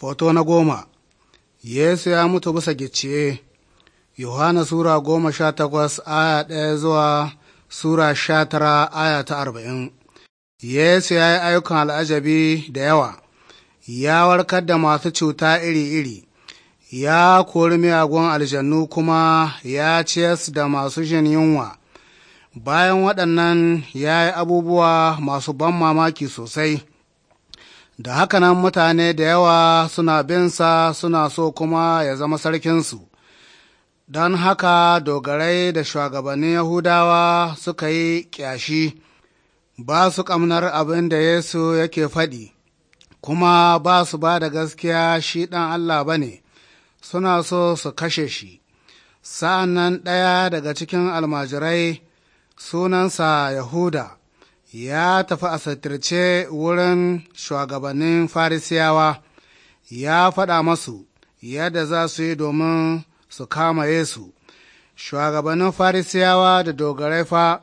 Foto na goma Yesu ya mutu bisa gicciye, Yohana Sura goma sha takwas aya ɗaya zuwa Sura sha tara aya ta arba'in. Yesu ya yi ayyukan al'ajabi da yawa, ya warkar da masu cuta iri-iri, ya kori miyagun aljannu kuma ya ciyas da masu jin yunwa. Bayan waɗannan ya yi abubuwa masu ban mamaki sosai. da hakanan mutane da yawa suna binsa suna so kuma ya zama sarkinsu. Don haka dogarai da shugabannin Yahudawa suka yi ƙyashi, ba su ƙamnar abin da Yesu yake faɗi, kuma ba su ba da gaskiya shi ɗan Allah ba ne, suna so su kashe shi. Sa'an nan ɗaya daga cikin almajirai sunansa Yahuda. ya tafi a wurin shugabannin farisiyawa ya faɗa masu yadda za su yi domin su kama Yesu. Shugabannin farisiyawa da dogarai fa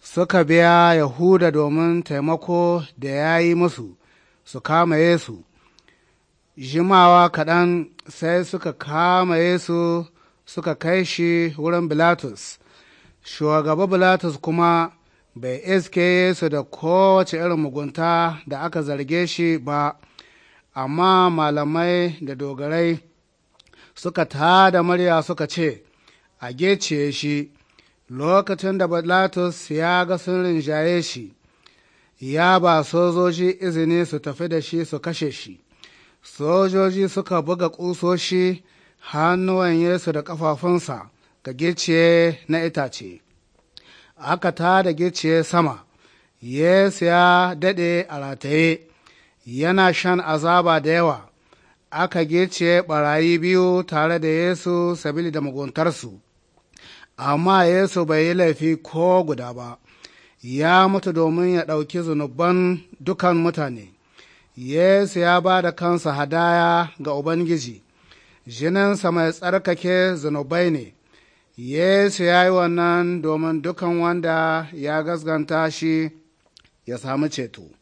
suka biya Yahuda domin taimako da ya yi musu su kama Yesu. Jimawa kaɗan sai suka kama Yesu suka kai shi wurin Bilatus. Shugaba Bilatus kuma bai iske su da kowace irin mugunta da aka zarge shi ba amma malamai da dogarai suka tada murya suka ce a gece shi lokacin da Bilatus ya ga sun rinjaye shi ya ba sojoji izini su tafi da shi su kashe shi sojoji suka buga ƙusoshi hannuwan yesu da ƙafafunsa ga gece na itace aka ta da gicciye sama yesu ya daɗe a rataye yana shan azaba da yawa aka gicciye ɓarayi biyu tare da yesu sabili da muguntarsu amma yesu bai yi laifi ko guda ba ya mutu domin ya ɗauki zunuban dukan mutane yesu ya ba da kansa hadaya ga ubangiji jininsa mai tsarkake zunubai ne Yesu ya yi wannan domin dukan wanda ya gaskanta shi ya samu ceto.